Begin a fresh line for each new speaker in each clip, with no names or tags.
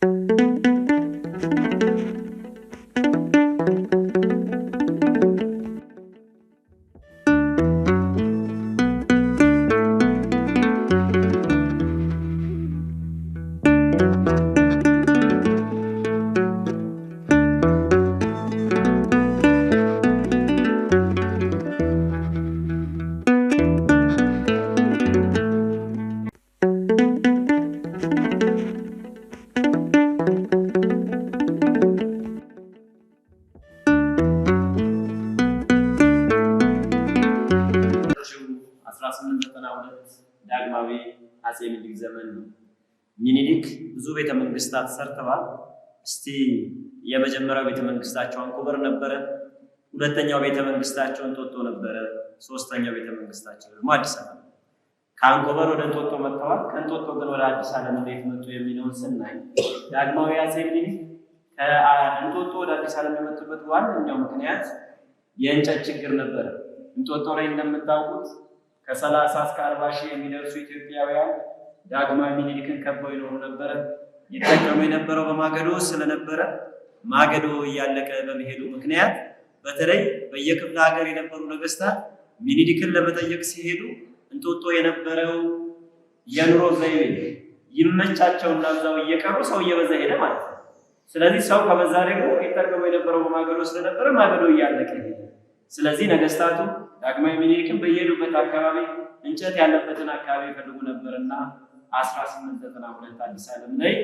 thank you ነው። ሚኒሊክ ብዙ ቤተመንግስታት ሰርተዋል። እስቲ የመጀመሪያው ቤተመንግስታቸው አንኮበር ነበረ። ሁለተኛው ቤተመንግስታቸው እንጦጦ ነበረ። ሶስተኛው ቤተመንግስታቸው ደግሞ አዲስ አበባ። ከአንኮበር ወደ እንጦጦ መጥተዋል። ከእንጦጦ ግን ወደ አዲስ አለም እንዴት መጡ የሚለውን ስናይ ዳግማዊ አጼ ሚኒሊክ ከእንጦጦ ወደ አዲስ አለም የመጡበት ዋነኛው ምክንያት የእንጨት ችግር ነበረ። እንጦጦ ላይ እንደምታውቁት ከሰላሳ እስከ አርባ ሺህ የሚደርሱ ኢትዮጵያውያን ዳግማዊ ምኒልክን ከበው ይኖሩ ነበረ። ይጠቀሙ የነበረው በማገዶ ስለነበረ ማገዶ እያለቀ በመሄዱ ምክንያት በተለይ በየክፍለ ሀገር የነበሩ ነገስታት ሚኒሊክን ለመጠየቅ ሲሄዱ እንጦጦ የነበረው የኑሮ ዘይቤ ይመቻቸውና እዛው እየቀሩ ሰው እየበዛ ሄደ ማለት ነው። ስለዚህ ሰው ከበዛ ደግሞ ይጠቀሙ የነበረው በማገዶ ስለነበረ ማገዶ እያለቀ ሄደ። ስለዚህ ነገስታቱ ዳግማዊ ሚኒሊክን በየሄዱበት አካባቢ እንጨት ያለበትን አካባቢ ይፈልጉ ነበርና 1892 አዲስ ዓለም ላይ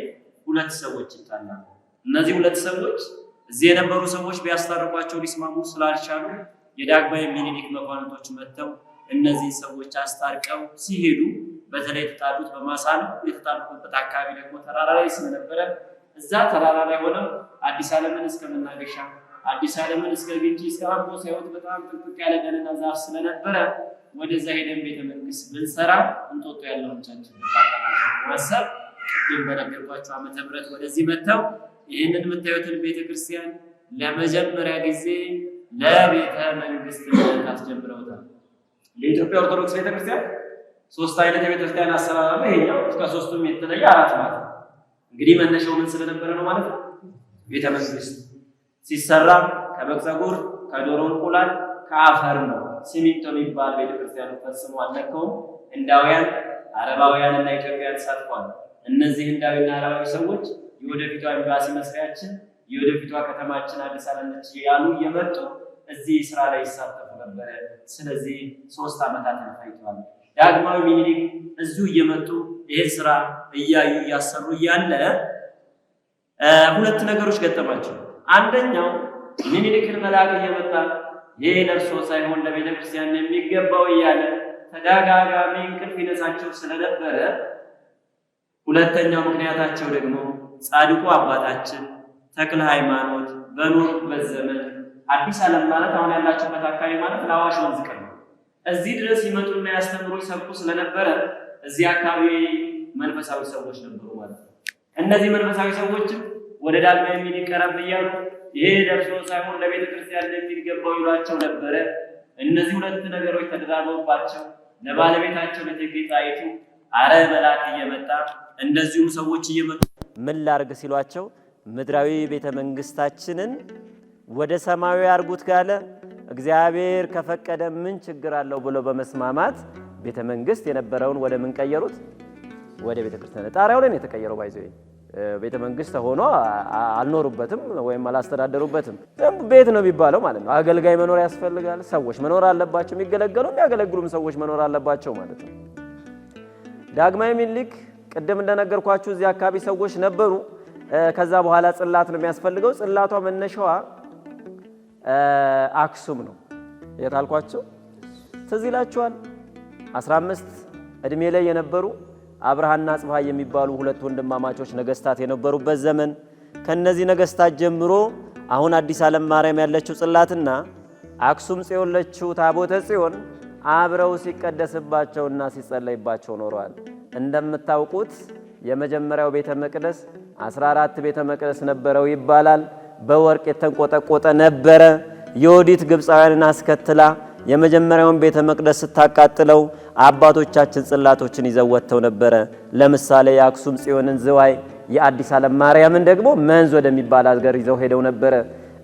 ሁለት ሰዎች ይታላሉ። እነዚህ ሁለት ሰዎች እዚህ የነበሩ ሰዎች ቢያስታርቋቸው ሊስማሙ ስላልቻሉ የዳግማዊ ምኒልክ መኳንንቶች መጥተው እነዚህ ሰዎች አስታርቀው ሲሄዱ በተለይ የተጣሉት በማሳ ነው። የተጣሉበት አካባቢ ደግሞ ተራራ ላይ ስለነበረ እዛ ተራራ ላይ ሆነው አዲስ ዓለምን እስከ መናገሻ አዲስ ዓለምን እስከ ግንጂ እስከ አምቦ ሳይወት በጣም ጥቅጥቅ ያለ ደንና ዛፍ ስለነበረ ወደዛ ሄደን ቤተመንግስት ብንሰራ እንጦጦ ያለውን ቻችን በማሰብ ቅድም በነገርኳቸው ዓመተ ምህረት ወደዚህ መጥተው ይህንን የምታዩትን ቤተክርስቲያን ለመጀመሪያ ጊዜ ለቤተ መንግስትነት አስጀምረውታል። ለኢትዮጵያ ኦርቶዶክስ ቤተክርስቲያን ሶስት አይነት የቤተክርስቲያን አሰራር አለ። ይሄኛው ከሶስቱም የተለየ አራት ማለት ነው። እንግዲህ መነሻው ምን ስለነበረ ነው ማለት ነው። ቤተ መንግስት ሲሰራ ከበግ ፀጉር፣ ከዶሮ እንቁላል፣ ከአፈር ነው። ሲሚንቶ የሚባል ቤተክርስቲያን ፈጽሞ አልነካውም። እንዳውያን አረባውያንና ኢትዮጵያን ተሳትፏል። እነዚህ ህንዳዊና አረባዊ ሰዎች የወደፊቷ ኤምባሲ መስሪያችን የወደፊቷ ከተማችን አዲስ አበባ ነች ያሉ እየመጡ እዚህ ስራ ላይ ይሳተፉ ነበረ። ስለዚህ ሶስት ዓመታት ታይተዋል። ዳግማዊ ሚኒሊክ እዚሁ እየመጡ ይሄን ስራ እያዩ እያሰሩ እያለ ሁለት ነገሮች ገጠማቸው። አንደኛው ሚኒሊክን መልአክ እየመጣ ይሄ ለእርሶ ሳይሆን ለቤተክርስቲያን የሚገባው እያለ ተደጋጋሚ እንቅልፍ ይነሳቸው ስለነበረ፣ ሁለተኛው ምክንያታቸው ደግሞ ጻድቁ አባታችን ተክለ ሃይማኖት በኖሩበት ዘመን አዲስ ዓለም ማለት አሁን ያላችሁበት አካባቢ ማለት ለአዋሽ ወንዝ ቅርብ እዚህ ድረስ ይመጡና ያስተምሩ ይሰብኩ ስለነበረ እዚህ አካባቢ መንፈሳዊ ሰዎች ነበሩ ማለት ነው። እነዚህ መንፈሳዊ ሰዎችም ወደ ዳግማ የሚል ይቀረብ እያሉ ይሄ ደርሶ ሳይሆን ለቤተ ክርስቲያን ገባው ይሏቸው ነበረ። እነዚህ ሁለት ነገሮች ተደራርበውባቸው ለባለቤታቸው ለእቴጌ ጣይቱ አረ መልአክ እየመጣ እንደዚሁም ሰዎች እየመጡ
ምን ላርግ ሲሏቸው ምድራዊ ቤተ መንግስታችንን ወደ ሰማያዊ አርጉት ካለ እግዚአብሔር ከፈቀደ ምን ችግር አለው ብሎ በመስማማት ቤተ መንግስት የነበረውን ወደ ምን ቀየሩት? ወደ ቤተ ክርስቲያን ጣሪያው ላይ ነው የተቀየረው ባይዘይ ቤተ መንግስት ሆኖ አልኖሩበትም ወይም አላስተዳደሩበትም። ቤት ነው የሚባለው ማለት ነው። አገልጋይ መኖር ያስፈልጋል። ሰዎች መኖር አለባቸው። የሚገለገሉ የሚያገለግሉም ሰዎች መኖር አለባቸው ማለት ነው። ዳግማዊ ምኒልክ ቅድም እንደነገርኳችሁ እዚህ አካባቢ ሰዎች ነበሩ። ከዛ በኋላ ጽላት ነው የሚያስፈልገው። ጽላቷ መነሻዋ አክሱም ነው። የታልኳቸው ትዝ ይላችኋል። 15 እድሜ ላይ የነበሩ አብርሃና ጽብሃ የሚባሉ ሁለት ወንድማማቾች ነገስታት የነበሩበት ዘመን። ከነዚህ ነገስታት ጀምሮ አሁን አዲስ ዓለም ማርያም ያለችው ጽላትና አክሱም ጽዮን ለችው ታቦተ ጽዮን አብረው ሲቀደስባቸውና ሲጸለይባቸው ኖረዋል። እንደምታውቁት የመጀመሪያው ቤተ መቅደስ 14 ቤተ መቅደስ ነበረው ይባላል። በወርቅ የተንቆጠቆጠ ነበረ። የወዲት ግብፃውያንን አስከትላ የመጀመሪያውን ቤተ መቅደስ ስታቃጥለው አባቶቻችን ጽላቶችን ይዘው ወጥተው ነበረ። ለምሳሌ የአክሱም ጽዮንን ዝዋይ፣ የአዲስ ዓለም ማርያምን ደግሞ መንዝ ወደሚባል አገር ይዘው ሄደው ነበረ።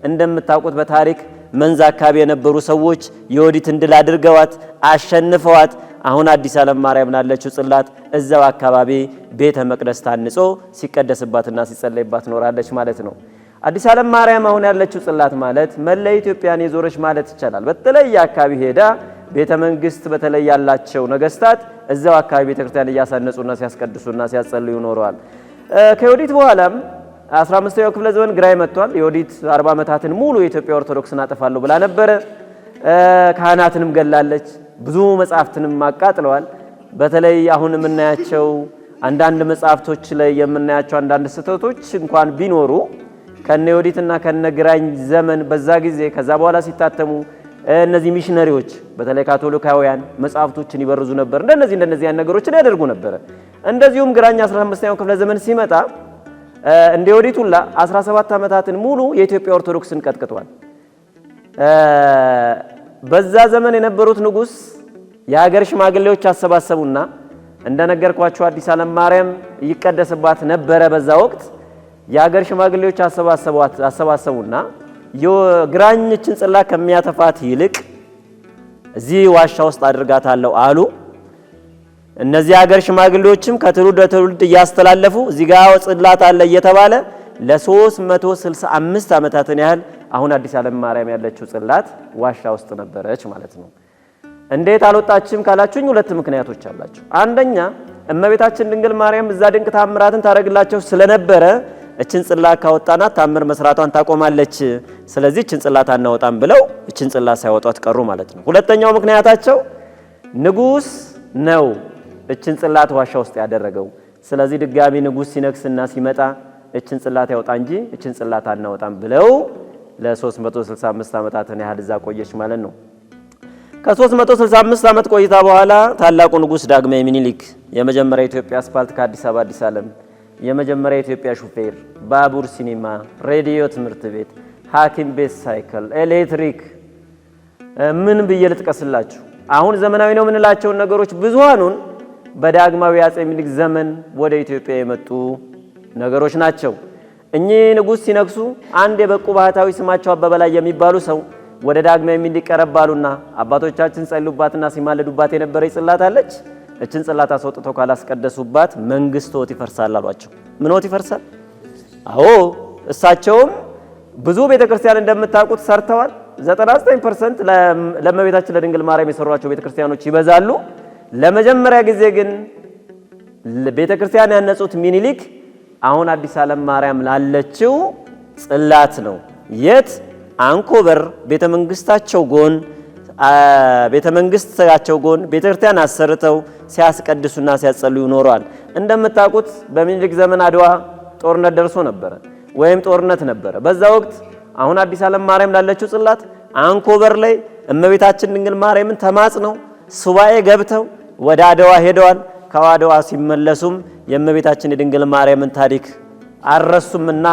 እንደምታውቁት በታሪክ መንዝ አካባቢ የነበሩ ሰዎች የወዲትን ድል አድርገዋት አሸንፈዋት፣ አሁን አዲስ ዓለም ማርያም ላለችው ጽላት እዛው አካባቢ ቤተ መቅደስ ታንጾ ሲቀደስባትና ሲጸለይባት ኖራለች ማለት ነው። አዲስ ዓለም ማርያም አሁን ያለችው ጽላት ማለት መላ ኢትዮጵያን የዞረች ማለት ይቻላል። በተለየ አካባቢ ሄዳ ቤተ መንግስት በተለይ ያላቸው ነገስታት እዛው አካባቢ ቤተ ክርስቲያን እያሳነጹና ሲያስቀድሱና ሲያጸልዩ ኖረዋል። ከዮዲት በኋላም 15ኛው ክፍለ ዘመን ግራይ መጥቷል። የዮዲት 40 ዓመታትን ሙሉ የኢትዮጵያ ኦርቶዶክስን አጠፋለሁ ብላ ነበረ። ካህናትንም ገላለች፣ ብዙ መጽሐፍትንም አቃጥለዋል። በተለይ አሁን የምናያቸው አንዳንድ መጽሐፍቶች ላይ የምናያቸው አንዳንድ ስህተቶች እንኳን ቢኖሩ ከነ ዮዲትና ከነ ግራኝ ዘመን በዛ ጊዜ ከዛ በኋላ ሲታተሙ እነዚህ ሚሽነሪዎች በተለይ ካቶሊካውያን መጽሐፍቶችን ይበርዙ ነበር። እንደነዚህ እንደነዚህ ያን ነገሮችን ያደርጉ ነበር። እንደዚሁም ግራኝ 15ኛው ክፍለ ዘመን ሲመጣ እንደ ዮዲቱላ 17 ዓመታትን ሙሉ የኢትዮጵያ ኦርቶዶክስን ቀጥቅጧል። በዛ ዘመን የነበሩት ንጉስ የሀገር ሽማግሌዎች አሰባሰቡና እንደነገርኳቸው አዲስ ዓለም ማርያም ይቀደስባት ነበረ በዛ ወቅት የአገር ሽማግሌዎች አሰባሰቡና የግራኝችን ጽላት ከሚያተፋት ይልቅ እዚህ ዋሻ ውስጥ አድርጋታለሁ አሉ። እነዚህ የአገር ሽማግሌዎችም ከትውልድ ለትውልድ እያስተላለፉ እዚህ ጋር ጽላት አለ እየተባለ ለ365 ዓመታትን ያህል አሁን አዲስ ዓለም ማርያም ያለችው ጽላት ዋሻ ውስጥ ነበረች ማለት ነው። እንዴት አልወጣችም ካላችሁኝ ሁለት ምክንያቶች አላቸው። አንደኛ እመቤታችን ድንግል ማርያም እዛ ድንቅ ታምራትን ታደርግላቸው ስለነበረ እችን ጽላት ካወጣናት ታምር መስራቷን ታቆማለች። ስለዚህ እችን ጽላት አናወጣም ብለው እችን ጽላ ሳይወጧት ቀሩ ማለት ነው። ሁለተኛው ምክንያታቸው ንጉስ ነው እችን ጽላት ዋሻ ውስጥ ያደረገው። ስለዚህ ድጋሚ ንጉስ ሲነግስና ሲመጣ እችን ጽላት ያወጣ እንጂ እችን ጽላት አናወጣም ብለው ለ365 ዓመታትን ያህል እዛ ቆየች ማለት ነው። ከ365 ዓመት ቆይታ በኋላ ታላቁ ንጉስ ዳግማዊ ምኒልክ የመጀመሪያ ኢትዮጵያ አስፓልት ከአዲስ አበባ አዲስ ዓለም የመጀመሪያ የኢትዮጵያ ሹፌር፣ ባቡር፣ ሲኒማ፣ ሬዲዮ፣ ትምህርት ቤት፣ ሐኪም ቤት፣ ሳይክል፣ ኤሌክትሪክ ምን ብዬ ልጥቀስላችሁ? አሁን ዘመናዊ ነው የምንላቸውን ነገሮች ብዙሃኑን በዳግማዊ አጼ ምኒልክ ዘመን ወደ ኢትዮጵያ የመጡ ነገሮች ናቸው። እኚህ ንጉሥ ሲነግሱ አንድ የበቁ ባህታዊ ስማቸው አበበላይ የሚባሉ ሰው ወደ ዳግማዊ ምኒልክ ቀረብ አሉና አባቶቻችን ጸልዩባትና ሲማለዱባት የነበረ ይጽላታለች አለች እችን ጽላት አስወጥተው ካላስቀደሱባት ወት ይፈርሳል አሏቸው። ወት ይፈርሳል? አዎ እሳቸውም ብዙ ቤተክርስቲያን እንደምታውቁት ሰርተዋል። 99% ለእመቤታችን ለድንግል ማርያም የሰሯቸው ቤተክርስቲያኖች ይበዛሉ። ለመጀመሪያ ጊዜ ግን ቤተክርስቲያን ያነጹት ሚኒሊክ አሁን አዲስ ዓለም ማርያም ላለችው ጽላት ነው። የት? አንኮበር ቤተ መንግስታቸው ጎን ቤተ መንግስታቸው ጎን ቤተ ክርስቲያን አሰርተው ሲያስቀድሱና ሲያጸልዩ ኖሯል። እንደምታውቁት በሚኒልክ ዘመን አድዋ ጦርነት ደርሶ ነበረ ወይም ጦርነት ነበረ። በዛ ወቅት አሁን አዲስ ዓለም ማርያም ላለችው ጽላት አንኮበር ላይ እመቤታችን ድንግል ማርያምን ተማጽነው ሱባኤ ገብተው ወደ አድዋ ሄደዋል። ከአድዋ ሲመለሱም የእመቤታችን የድንግል ማርያምን ታሪክ አልረሱምና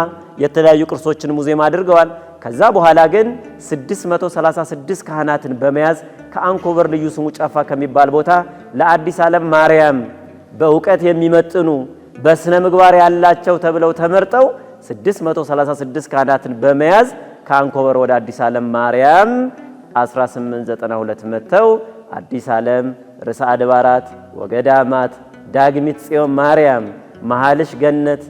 የተለያዩ ቅርሶችን ሙዚየም አድርገዋል። ከዛ በኋላ ግን 636 ካህናትን በመያዝ ከአንኮበር ልዩ ስሙ ጨፋ ከሚባል ቦታ ለአዲስ ዓለም ማርያም በእውቀት የሚመጥኑ በስነ ምግባር ያላቸው ተብለው ተመርጠው 636 ካህናትን በመያዝ ከአንኮበር ወደ አዲስ ዓለም ማርያም 1892 መጥተው አዲስ ዓለም ርዕሰ አድባራት ወገዳማት ዳግሚት ጽዮን ማርያም መሃልሽ ገነት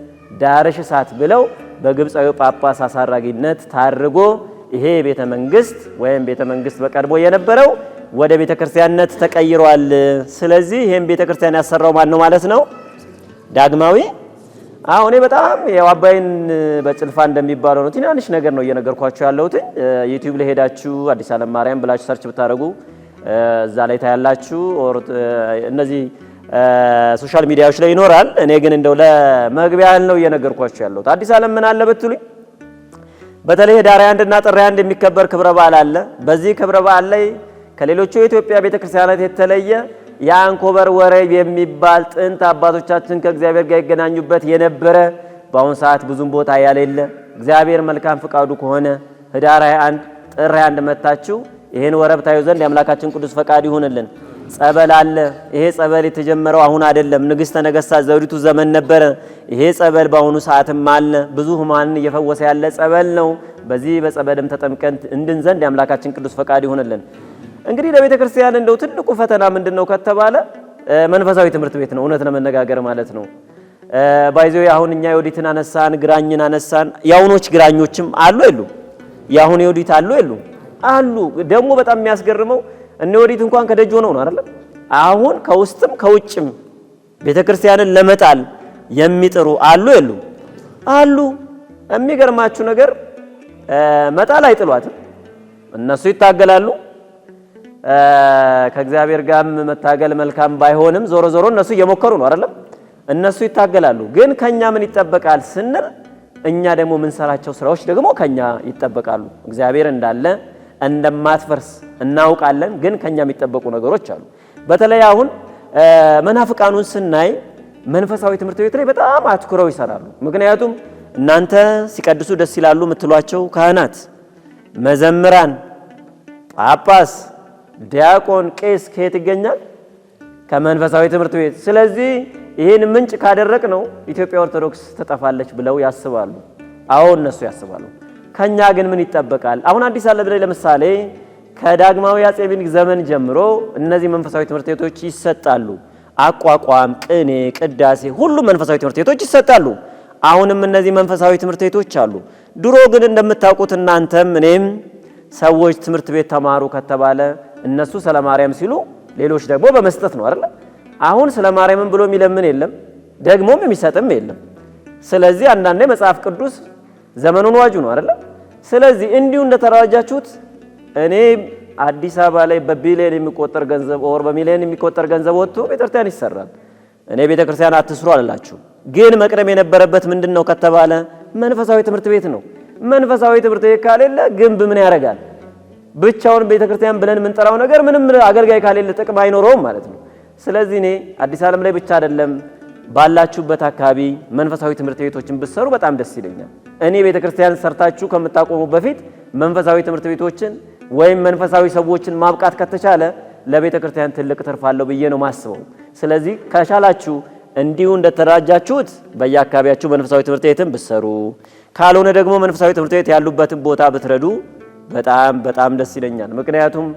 ዳርሽ እሳት ብለው በግብፃዊ ጳጳስ አሳራጊነት ታርጎ ይሄ ቤተ መንግስት ወይም ቤተ መንግስት በቀድሞ የነበረው ወደ ቤተ ክርስቲያንነት ተቀይሯል። ስለዚህ ይሄን ቤተ ክርስቲያን ያሰራው ማን ነው ማለት ነው? ዳግማዊ። አሁን እኔ በጣም ያው አባይን በጭልፋ እንደሚባለው ነው፣ ትናንሽ ነገር ነው እየነገርኳችሁ ያለሁት። ዩቲዩብ ላይ ሄዳችሁ አዲስ ዓለም ማርያም ብላችሁ ሰርች ብታደርጉ እዛ ላይ ታያላችሁ። እነዚህ ሶሻል ሚዲያዎች ላይ ይኖራል። እኔ ግን እንደው ለመግቢያ ያህል ነው እየነገርኳቸው ያለሁት። አዲስ ዓለም ምን አለ ብትሉኝ በተለይ ህዳር አንድ እና ጥር አንድ የሚከበር ክብረ በዓል አለ። በዚህ ክብረ በዓል ላይ ከሌሎቹ የኢትዮጵያ ቤተክርስቲያናት የተለየ የአንኮበር ወረብ የሚባል ጥንት አባቶቻችን ከእግዚአብሔር ጋር ይገናኙበት የነበረ በአሁኑ ሰዓት ብዙም ቦታ ያሌለ እግዚአብሔር መልካም ፍቃዱ ከሆነ ህዳር 21 ጥር 21 መታችሁ ይህን ወረብ ታዩ ዘንድ የአምላካችን ቅዱስ ፈቃድ ይሁንልን። ጸበል አለ። ይሄ ጸበል የተጀመረው አሁን አይደለም፣ ንግሥተ ነገሥታት ዘውዲቱ ዘመን ነበረ። ይሄ ጸበል በአሁኑ ሰዓትም አለ። ብዙ ሕሙማንን እየፈወሰ ያለ ጸበል ነው። በዚህ በጸበልም ተጠምቀን እንድን ዘንድ የአምላካችን ቅዱስ ፈቃድ ይሆንልን። እንግዲህ ለቤተ ክርስቲያን እንደው ትልቁ ፈተና ምንድን ነው ከተባለ መንፈሳዊ ትምህርት ቤት ነው። እውነት ለመነጋገር ማለት ነው። ባይዘው አሁን እኛ የወዲትን አነሳን፣ ግራኝን አነሳን። የአሁኖች ግራኞችም አሉ የሉ? የአሁን የወዲት አሉ የሉ? አሉ። ደግሞ በጣም የሚያስገርመው እነ ወዲት እንኳን ከደጅ ሆነው ነው አይደል? አሁን ከውስጥም ከውጭም ቤተ ክርስቲያንን ለመጣል የሚጥሩ አሉ የሉ አሉ። የሚገርማችሁ ነገር መጣል አይጥሏትም። እነሱ ይታገላሉ። ከእግዚአብሔር ጋር መታገል መልካም ባይሆንም ዞሮ ዞሮ እነሱ እየሞከሩ ነው አይደለም? እነሱ ይታገላሉ። ግን ከኛ ምን ይጠበቃል ስንል እኛ ደግሞ የምንሰራቸው ስራዎች ደግሞ ከኛ ይጠበቃሉ። እግዚአብሔር እንዳለ እንደማትፈርስ እናውቃለን። ግን ከኛ የሚጠበቁ ነገሮች አሉ። በተለይ አሁን መናፍቃኑን ስናይ መንፈሳዊ ትምህርት ቤት ላይ በጣም አትኩረው ይሰራሉ። ምክንያቱም እናንተ ሲቀድሱ ደስ ይላሉ የምትሏቸው ካህናት፣ መዘምራን፣ ጳጳስ፣ ዲያቆን፣ ቄስ ከየት ይገኛል? ከመንፈሳዊ ትምህርት ቤት። ስለዚህ ይህን ምንጭ ካደረቅ ነው ኢትዮጵያ ኦርቶዶክስ ትጠፋለች ብለው ያስባሉ። አዎ እነሱ ያስባሉ። ከኛ ግን ምን ይጠበቃል? አሁን አዲስ አለ ብለ ለምሳሌ ከዳግማዊ አጼ ምኒልክ ዘመን ጀምሮ እነዚህ መንፈሳዊ ትምህርት ቤቶች ይሰጣሉ። አቋቋም፣ ቅኔ፣ ቅዳሴ ሁሉም መንፈሳዊ ትምህርት ቤቶች ይሰጣሉ። አሁንም እነዚህ መንፈሳዊ ትምህርት ቤቶች አሉ። ድሮ ግን እንደምታውቁት እናንተም እኔም ሰዎች ትምህርት ቤት ተማሩ ከተባለ እነሱ ስለ ማርያም ሲሉ፣ ሌሎች ደግሞ በመስጠት ነው አይደል? አሁን ስለ ማርያምን ብሎ የሚለምን የለም፣ ደግሞም የሚሰጥም የለም። ስለዚህ አንዳንዴ መጽሐፍ ቅዱስ ዘመኑን ዋጁ ነው አይደል? ስለዚህ እንዲሁ እንደተደራጃችሁት እኔ አዲስ አበባ ላይ በቢሊዮን የሚቆጠር ገንዘብ ወር በሚሊዮን የሚቆጠር ገንዘብ ወጥቶ ቤተክርስቲያን ይሰራል። እኔ ቤተክርስቲያን አትስሩ አላላችሁ። ግን መቅደም የነበረበት ምንድን ነው ከተባለ መንፈሳዊ ትምህርት ቤት ነው። መንፈሳዊ ትምህርት ቤት ካሌለ ግንብ ምን ያደርጋል? ብቻውን ቤተክርስቲያን ብለን የምንጠራው ነገር ምንም አገልጋይ ካሌለ ጥቅም አይኖረውም ማለት ነው። ስለዚህ እኔ አዲስ ዓለም ላይ ብቻ አይደለም ባላችሁበት አካባቢ መንፈሳዊ ትምህርት ቤቶችን ብትሰሩ በጣም ደስ ይለኛል። እኔ ቤተ ክርስቲያን ሰርታችሁ ከምታቆሙ በፊት መንፈሳዊ ትምህርት ቤቶችን ወይም መንፈሳዊ ሰዎችን ማብቃት ከተቻለ ለቤተ ክርስቲያን ትልቅ ትርፍ አለው ብዬ ነው ማስበው። ስለዚህ ከቻላችሁ እንዲሁ እንደተደራጃችሁት በየአካባቢያችሁ መንፈሳዊ ትምህርት ቤትን ብትሰሩ፣ ካልሆነ ደግሞ መንፈሳዊ ትምህርት ቤት ያሉበትን ቦታ ብትረዱ በጣም በጣም ደስ ይለኛል። ምክንያቱም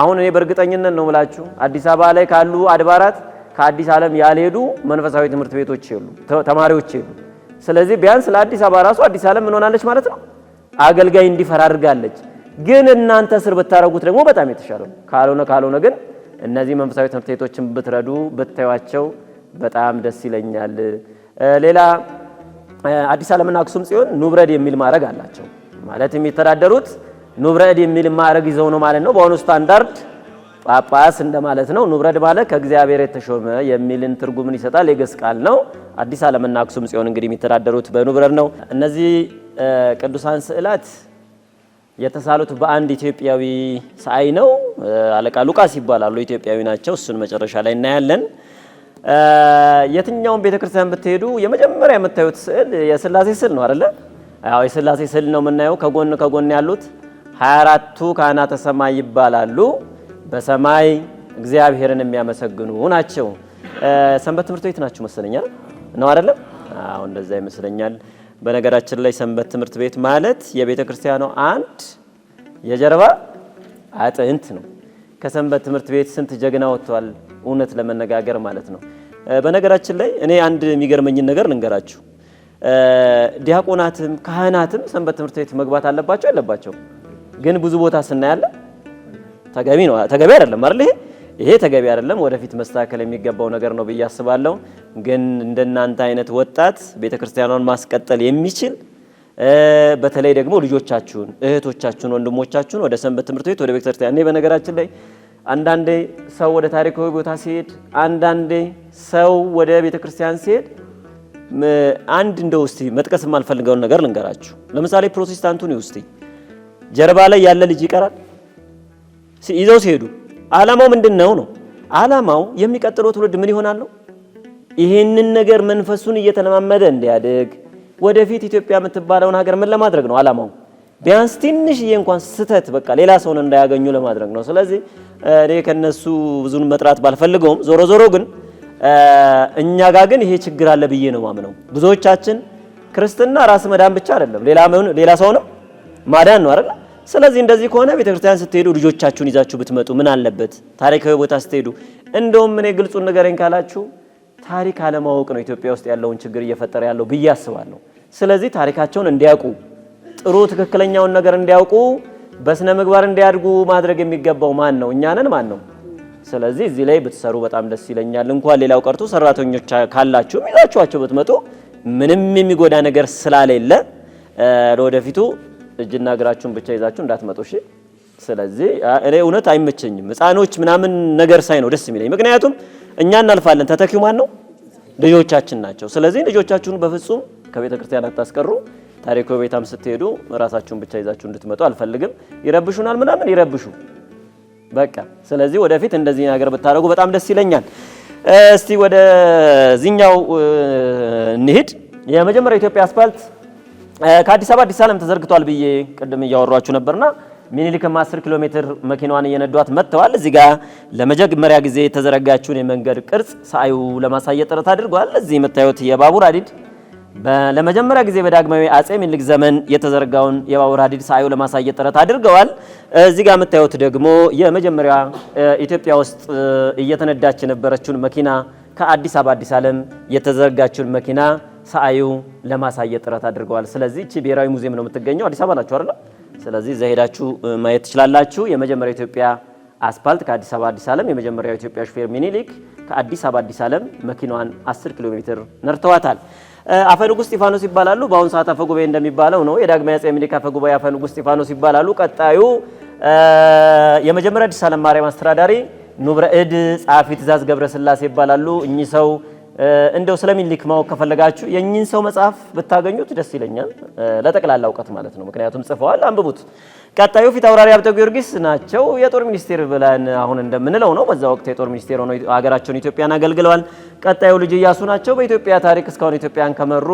አሁን እኔ በእርግጠኝነት ነው ምላችሁ አዲስ አበባ ላይ ካሉ አድባራት ከአዲስ ዓለም ያልሄዱ መንፈሳዊ ትምህርት ቤቶች የሉ፣ ተማሪዎች የሉ። ስለዚህ ቢያንስ ለአዲስ አበባ ራሱ አዲስ ዓለም ምን ሆናለች ማለት ነው አገልጋይ እንዲፈራ አድርጋለች። ግን እናንተ ስር ብታረጉት ደግሞ በጣም የተሻለ ነው። ካልሆነ ካልሆነ ግን እነዚህ መንፈሳዊ ትምህርት ቤቶችን ብትረዱ ብታዩቸው በጣም ደስ ይለኛል። ሌላ አዲስ ዓለምና አክሱም ጽዮን ኑብረድ የሚል ማዕረግ አላቸው። ማለት የሚተዳደሩት ኑብረድ የሚል ማዕረግ ይዘው ነው ማለት ነው በአሁኑ ስታንዳርድ ጳጳስ እንደማለት ነው። ኑብረድ ማለት ከእግዚአብሔር የተሾመ የሚልን ትርጉምን ይሰጣል። የግስ ቃል ነው። አዲስ ዓለምና አክሱም ጽዮን እንግዲህ የሚተዳደሩት በንብረድ ነው። እነዚህ ቅዱሳን ስዕላት የተሳሉት በአንድ ኢትዮጵያዊ ሰአይ ነው። አለቃ ሉቃስ ይባላሉ። ኢትዮጵያዊ ናቸው። እሱን መጨረሻ ላይ እናያለን። የትኛውን ቤተክርስቲያን ብትሄዱ የመጀመሪያ የምታዩት ስዕል የስላሴ ስዕል ነው አይደለ? የስላሴ ስዕል ነው የምናየው። ከጎን ከጎን ያሉት 24ቱ ካህናተ ሰማይ ይባላሉ። በሰማይ እግዚአብሔርን የሚያመሰግኑ ናቸው። ሰንበት ትምህርት ቤት ናችሁ መሰለኛ ነው አይደለም? አሁን እንደዛ ይመስለኛል። በነገራችን ላይ ሰንበት ትምህርት ቤት ማለት የቤተ ክርስቲያኗ አንድ የጀርባ አጥንት ነው። ከሰንበት ትምህርት ቤት ስንት ጀግና ወጥቷል፣ እውነት ለመነጋገር ማለት ነው። በነገራችን ላይ እኔ አንድ የሚገርመኝን ነገር ልንገራችሁ። ዲያቆናትም ካህናትም ሰንበት ትምህርት ቤት መግባት አለባቸው የለባቸው? ግን ብዙ ቦታ ስናያለን ተገቢ ነው ተገቢ አይደለም አይደል? ይሄ ይሄ ተገቢ አይደለም። ወደፊት መስተካከል የሚገባው ነገር ነው ብዬ አስባለሁ። ግን እንደናንተ አይነት ወጣት ቤተክርስቲያኗን ማስቀጠል የሚችል በተለይ ደግሞ ልጆቻችሁን፣ እህቶቻችሁን፣ ወንድሞቻችሁን ወደ ሰንበት ትምህርት ቤት ወደ ቤተክርስቲያን እኔ በነገራችን ላይ አንዳንዴ ሰው ወደ ታሪካዊ ቦታ ሲሄድ፣ አንዳንዴ ሰው ወደ ቤተክርስቲያን ሲሄድ አንድ እንደ ውስቲ መጥቀስ የማልፈልገውን ነገር ልንገራችሁ። ለምሳሌ ፕሮቴስታንቱን ውስቲ ጀርባ ላይ ያለ ልጅ ይቀራል ይዘው ሲሄዱ ዓላማው ምንድን ነው ነው? ዓላማው የሚቀጥለው ትውልድ ምን ይሆናል ይሄንን ይህንን ነገር መንፈሱን እየተለማመደ እንዲያድግ ወደፊት ኢትዮጵያ የምትባለውን ሀገር ምን ለማድረግ ነው ዓላማው? ቢያንስ ትንሽዬ እንኳን ስህተት በቃ ሌላ ሰውን እንዳያገኙ ለማድረግ ነው። ስለዚህ እኔ ከነሱ ብዙን መጥራት ባልፈልገውም ዞሮ ዞሮ ግን እኛ ጋር ግን ይሄ ችግር አለ ብዬ ነው ማምነው። ብዙዎቻችን ክርስትና ራስ መዳን ብቻ አይደለም፣ ሌላ ሰውንም ማዳን ነው አይደል ስለዚህ እንደዚህ ከሆነ ቤተክርስቲያን ስትሄዱ ልጆቻችሁን ይዛችሁ ብትመጡ ምን አለበት? ታሪካዊ ቦታ ስትሄዱ እንደውም እኔ ግልጹን ንገረኝ ካላችሁ ታሪክ አለማወቅ ነው ኢትዮጵያ ውስጥ ያለውን ችግር እየፈጠረ ያለው ብዬ አስባለሁ። ስለዚህ ታሪካቸውን እንዲያውቁ ጥሩ ትክክለኛውን ነገር እንዲያውቁ በስነ ምግባር እንዲያድጉ ማድረግ የሚገባው ማን ነው? እኛንን ማን ነው? ስለዚህ እዚህ ላይ ብትሰሩ በጣም ደስ ይለኛል። እንኳን ሌላው ቀርቶ ሰራተኞች ካላችሁ ይዛችኋቸው ብትመጡ ምንም የሚጎዳ ነገር ስላሌለ ለወደፊቱ እጅና እግራችሁን ብቻ ይዛችሁ እንዳትመጡ እሺ። ስለዚህ እኔ እውነት አይመቸኝም ህፃኖች ምናምን ነገር ሳይ ነው ደስ የሚለኝ። ምክንያቱም እኛ እናልፋለን፣ ተተኪው ማን ነው? ልጆቻችን ናቸው። ስለዚህ ልጆቻችሁን በፍጹም ከቤተ ክርስቲያን አታስቀሩ። ታሪኮ ቤታም ስትሄዱ ራሳችሁን ብቻ ይዛችሁ እንድትመጡ አልፈልግም። ይረብሹናል ምናምን ይረብሹ በቃ። ስለዚህ ወደፊት እንደዚህ ነገር ብታደርጉ በጣም ደስ ይለኛል። እስቲ ወደዚህኛው እንሂድ። የመጀመሪያው ኢትዮጵያ አስፓልት ከአዲስ አበባ አዲስ ዓለም ተዘርግቷል ብዬ ቅድም እያወሯችሁ ነበርና ሚኒሊክም 10 ኪሎ ሜትር መኪናዋን እየነዷት መጥተዋል። እዚህ ጋር ለመጀመሪያ ጊዜ የተዘረጋችውን የመንገድ ቅርጽ ሳዩ ለማሳየት ጥረት አድርጓል። እዚህ የምታዩት የባቡር ሀዲድ ለመጀመሪያ ጊዜ በዳግማዊ አጼ ሚኒሊክ ዘመን የተዘረጋውን የባቡር ሀዲድ ሳዩ ለማሳየት ጥረት አድርገዋል። እዚህ ጋር የምታዩት ደግሞ የመጀመሪያ ኢትዮጵያ ውስጥ እየተነዳች የነበረችውን መኪና ከአዲስ አበባ አዲስ ዓለም የተዘረጋችውን መኪና ሰአዩ ለማሳየት ጥረት አድርገዋል። ስለዚህ እቺ ብሔራዊ ሙዚየም ነው የምትገኘው፣ አዲስ አበባ ናቸው አይደል? ስለዚህ እዛ ሄዳችሁ ማየት ትችላላችሁ። የመጀመሪያው ኢትዮጵያ አስፓልት ከአዲስ አበባ አዲስ ዓለም የመጀመሪያው ኢትዮጵያ ሹፌር ሚኒሊክ ከአዲስ አበባ አዲስ ዓለም መኪናዋን 10 ኪሎ ሜትር ነርተዋታል። አፈ ንጉሥ እስጢፋኖስ ይባላሉ። በአሁኑ ሰዓት አፈ ጉባኤ እንደሚባለው ነው። የዳግማዊ አፄ ምኒልክ አፈ ጉባኤ አፈ ንጉሥ እስጢፋኖስ ይባላሉ። ቀጣዩ የመጀመሪያ አዲስ ዓለም ማርያም አስተዳዳሪ ንቡረ እድ ጸሐፊ ትእዛዝ ገብረስላሴ ይባላሉ። እኚህ ሰው እንደው ስለሚንሊክ ማወቅ ከፈለጋችሁ የኝን ሰው መጽሐፍ ብታገኙት ደስ ይለኛል፣ ለጠቅላላ እውቀት ማለት ነው። ምክንያቱም ጽፈዋል፣ አንብቡት። ቀጣዩ ፊት አውራሪ ሀብተ ጊዮርጊስ ናቸው። የጦር ሚኒስቴር ብለን አሁን እንደምንለው ነው። በዛ ወቅት የጦር ሚኒስቴር ሆነው ሀገራቸውን ኢትዮጵያን አገልግለዋል። ቀጣዩ ልጅ እያሱ ናቸው። በኢትዮጵያ ታሪክ እስካሁን ኢትዮጵያን ከመሩ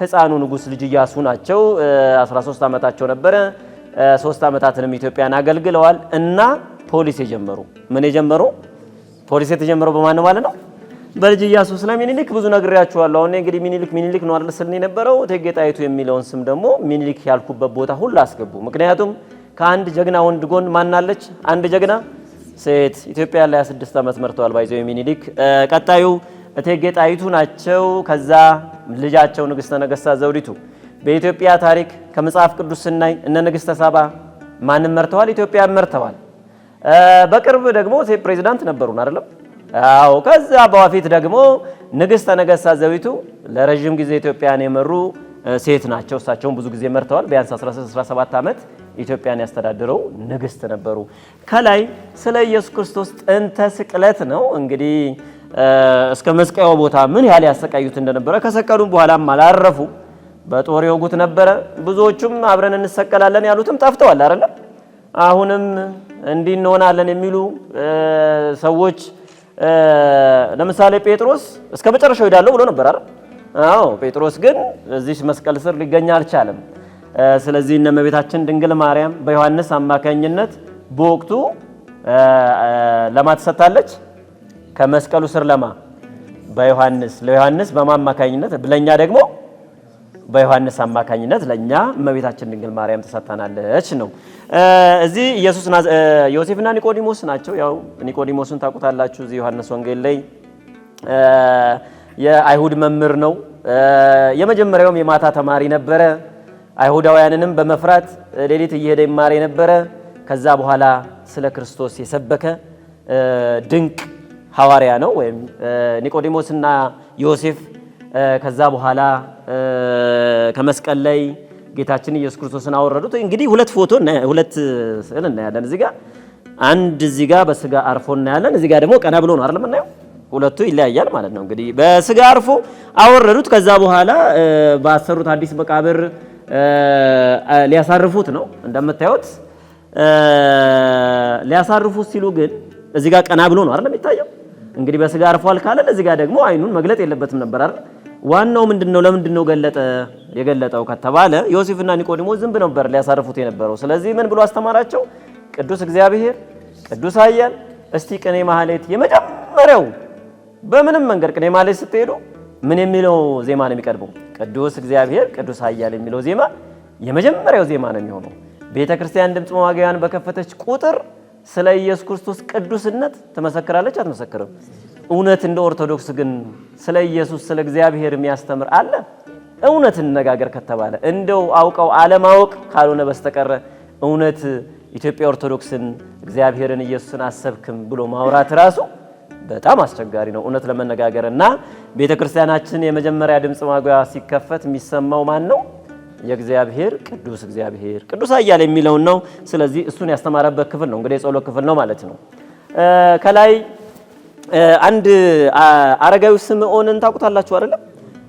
ህፃኑ ንጉስ ልጅ እያሱ ናቸው። 13 ዓመታቸው ነበረ። ሶስት ዓመታትንም ኢትዮጵያን አገልግለዋል እና ፖሊስ የጀመሩ ምን የጀመሩ ፖሊስ የተጀመረው በማን ማለት ነው በልጅ ኢያሱ ስለ ሚኒሊክ ብዙ ነግሬያችኋለሁ። አሁን እንግዲህ ሚኒሊክ ሚኒሊክ ነው አይደል ስል የነበረው እቴጌ ጣይቱ የሚለውን ስም ደግሞ ሚኒሊክ ያልኩበት ቦታ ሁሉ አስገቡ። ምክንያቱም ከአንድ ጀግና ወንድ ጎን ማናለች? አንድ ጀግና ሴት። ኢትዮጵያ ላይ 26 ዓመት መርተዋል ባይዘው ሚኒሊክ። ቀጣዩ እቴጌ ጣይቱ ናቸው። ከዛ ልጃቸው ንግስተ ነገስታ ዘውዲቱ። በኢትዮጵያ ታሪክ ከመጽሐፍ ቅዱስ ስናይ እነ ንግስተ ሳባ ማንም መርተዋል? ኢትዮጵያ መርተዋል። በቅርብ ደግሞ ሴት ፕሬዚዳንት ነበሩን አይደለም አዎ ከዛ በፊት ደግሞ ንግሥተ ነገሥታት ዘዊቱ ለረዥም ጊዜ ኢትዮጵያን የመሩ ሴት ናቸው። እሳቸውን ብዙ ጊዜ መርተዋል። ቢያንስ 17 ዓመት ኢትዮጵያን ያስተዳድረው ንግስት ነበሩ። ከላይ ስለ ኢየሱስ ክርስቶስ ጥንተ ስቅለት ነው እንግዲህ እስከ መስቀያው ቦታ ምን ያህል ያሰቃዩት እንደነበረ ከሰቀሉም በኋላም አላረፉ፣ በጦር የወጉት ነበረ። ብዙዎቹም አብረን እንሰቀላለን ያሉትም ጠፍተዋል አይደለም። አሁንም እንዲህ እንሆናለን የሚሉ ሰዎች ለምሳሌ ጴጥሮስ እስከ መጨረሻው ሄዳለሁ ብሎ ነበር አይደል? አዎ። ጴጥሮስ ግን እዚህ መስቀል ስር ሊገኝ አልቻለም። ስለዚህ እነ እመቤታችን ድንግል ማርያም በዮሐንስ አማካኝነት በወቅቱ ለማ ትሰጣለች ከመስቀሉ ስር ለማ በዮሐንስ ለዮሐንስ በማማካኝነት ብለኛ ደግሞ በዮሐንስ አማካኝነት ለእኛ እመቤታችን ድንግል ማርያም ተሰጥታናለች ነው። እዚህ ኢየሱስ ዮሴፍና ኒቆዲሞስ ናቸው። ያው ኒቆዲሞስን ታውቁታላችሁ። እዚህ ዮሐንስ ወንጌል ላይ የአይሁድ መምህር ነው። የመጀመሪያውም የማታ ተማሪ ነበረ። አይሁዳውያንንም በመፍራት ሌሊት እየሄደ ይማር የነበረ ከዛ በኋላ ስለ ክርስቶስ የሰበከ ድንቅ ሐዋርያ ነው። ወይም ኒቆዲሞስና ዮሴፍ ከዛ በኋላ ከመስቀል ላይ ጌታችን ኢየሱስ ክርስቶስን አወረዱት። እንግዲህ ሁለት ፎቶ ሁለት ስዕል እናያለን እዚህ ጋር አንድ እዚህ ጋር በስጋ አርፎ እናያለን። እዚህ ጋር ደግሞ ቀና ብሎ ነው አይደል የምናየው። ሁለቱ ይለያያል ማለት ነው። እንግዲህ በስጋ አርፎ አወረዱት። ከዛ በኋላ ባሰሩት አዲስ መቃብር ሊያሳርፉት ነው እንደምታዩት። ሊያሳርፉት ሲሉ ግን እዚህ ጋር ቀና ብሎ ነው አይደል የሚታየው። እንግዲህ በስጋ አርፏል ካለ እዚህ ጋር ደግሞ አይኑን መግለጥ የለበትም ነበር አይደል ዋናው ምንድነው? ለምንድነው ገለጠ የገለጠው ከተባለ ዮሴፍና ኒቆዲሞስ ዝንብ ነበር ሊያሳርፉት የነበረው። ስለዚህ ምን ብሎ አስተማራቸው? ቅዱስ እግዚአብሔር፣ ቅዱስ ኃያል። እስቲ ቅኔ ማህሌት የመጀመሪያው በምንም መንገድ ቅኔ ማህሌት ስትሄዱ ምን የሚለው ዜማ ነው የሚቀርበው? ቅዱስ እግዚአብሔር ቅዱስ ኃያል የሚለው ዜማ የመጀመሪያው ዜማ ነው የሚሆነው። ቤተ ክርስቲያን ድምፅ መዋጊያን በከፈተች ቁጥር ስለ ኢየሱስ ክርስቶስ ቅዱስነት ትመሰክራለች? አትመሰክርም? እውነት እንደ ኦርቶዶክስ ግን ስለ ኢየሱስ ስለ እግዚአብሔር የሚያስተምር አለ? እውነት እንነጋገር ከተባለ እንደው አውቀው አለማወቅ ካልሆነ በስተቀረ እውነት ኢትዮጵያ ኦርቶዶክስን እግዚአብሔርን ኢየሱስን አሰብክም ብሎ ማውራት ራሱ በጣም አስቸጋሪ ነው እውነት ለመነጋገር እና ቤተክርስቲያናችን የመጀመሪያ ድምፅ ማጉያ ሲከፈት የሚሰማው ማን ነው? የእግዚአብሔር ቅዱስ እግዚአብሔር ቅዱስ አያል የሚለውን ነው። ስለዚህ እሱን ያስተማረበት ክፍል ነው። እንግዲህ የጸሎት ክፍል ነው ማለት ነው። ከላይ አንድ አረጋዊ ስምዖንን ታውቁታላችሁ አይደለም?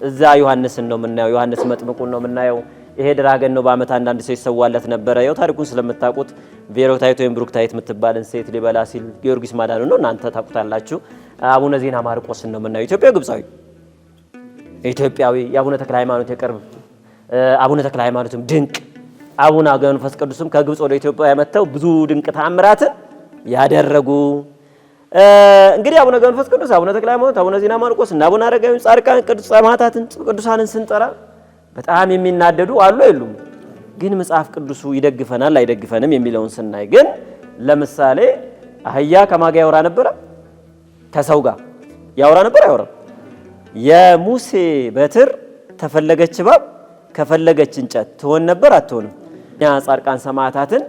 እዛ ዮሐንስን ነው የምናየው። ዮሐንስ መጥምቁን ነው የምናየው። ይሄ ድራገን ነው በዓመት አንዳንድ ሰው ይሰዋለት ነበረ። ያው ታሪኩን ስለምታውቁት ቬሮታይት ወይም ብሩክታይት የምትባልን ሴት ሊበላ ሲል ጊዮርጊስ ማዳኑ ነው። እናንተ ታውቁታላችሁ። አቡነ ዜና ማርቆስን ነው የምናየው። ኢትዮጵያ ግብፃዊ ኢትዮጵያዊ የአቡነ ተክለ ሃይማኖት የቅርብ አቡነ ተክለ ሃይማኖትም ድንቅ አቡነ መንፈስ ቅዱስም ከግብፅ ወደ ኢትዮጵያ መጥተው ብዙ ድንቅ ተአምራትን ያደረጉ እንግዲህ አቡነ መንፈስ ቅዱስ፣ አቡነ ተክለ ሃይማኖት፣ አቡነ ዜና ማርቆስ እና አቡነ አረጋዊ ጻድቃን፣ ቅዱስ ሰማዕታትን፣ ቅዱሳንን ስንጠራ በጣም የሚናደዱ አሉ የሉም? ግን መጽሐፍ ቅዱሱ ይደግፈናል አይደግፈንም የሚለውን ስናይ ግን ለምሳሌ አህያ ከማጋ ያወራ ነበረ ከሰው ጋር ያወራ ነበር። አይወራም። የሙሴ በትር ተፈለገች እባብ ከፈለገች እንጨት ትሆን ነበር አትሆንም። እኛ ጻድቃን ሰማዕታትን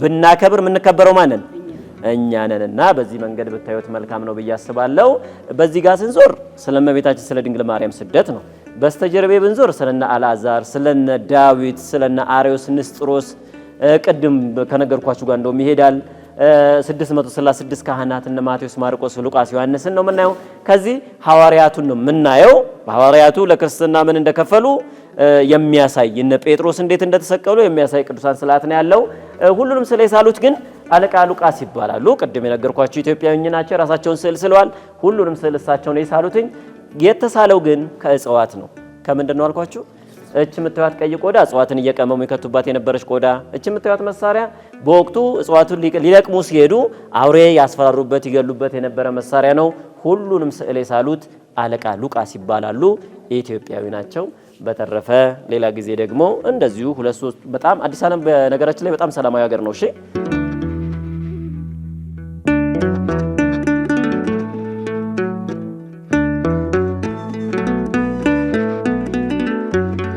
ብናከብር የምንከበረው ማንን እኛ ነንና በዚህ መንገድ ብታዩት መልካም ነው ብዬ አስባለሁ። በዚህ ጋር ስንዞር ስለ እመቤታችን ስለ ድንግል ማርያም ስደት ነው። በስተጀርቤ ብንዞር ስለነ አልዓዛር፣ ስለነ ዳዊት፣ ስለነ አሬዎስ ንስጥሮስ ቅድም ከነገርኳችሁ ጋር እንደውም ይሄዳል 636 ካህናት እነ ማቴዎስ፣ ማርቆስ፣ ሉቃስ፣ ዮሐንስን ነው የምናየው። ከዚህ ሐዋርያቱን ነው የምናየው። በሐዋርያቱ ለክርስትና ምን እንደከፈሉ የሚያሳይ እነ ጴጥሮስ እንዴት እንደተሰቀሉ የሚያሳይ ቅዱሳን ስዕላት ነው ያለው። ሁሉንም ስለ የሳሉት ግን አለቃ ሉቃስ ይባላሉ። ቅድም የነገርኳቸው ኢትዮጵያዊ ናቸው። የራሳቸውን ስዕል ስለዋል። ሁሉንም ስዕል እሳቸውን የሳሉትኝ። የተሳለው ግን ከእጽዋት ነው። ከምንድን ነው አልኳችሁ? እች የምታዩት ቀይ ቆዳ እጽዋትን እየቀመሙ የከቱባት የነበረች ቆዳ። እች የምታዩት መሳሪያ በወቅቱ እጽዋቱን ሊለቅሙ ሲሄዱ አውሬ ያስፈራሩበት ይገሉበት የነበረ መሳሪያ ነው። ሁሉንም ስዕል የሳሉት አለቃ ሉቃስ ይባላሉ። ኢትዮጵያዊ ናቸው። በተረፈ ሌላ ጊዜ ደግሞ እንደዚሁ ሁለት ሶስት በጣም አዲስ ዓለም በነገራችን ላይ በጣም ሰላማዊ ሀገር ነው። እሺ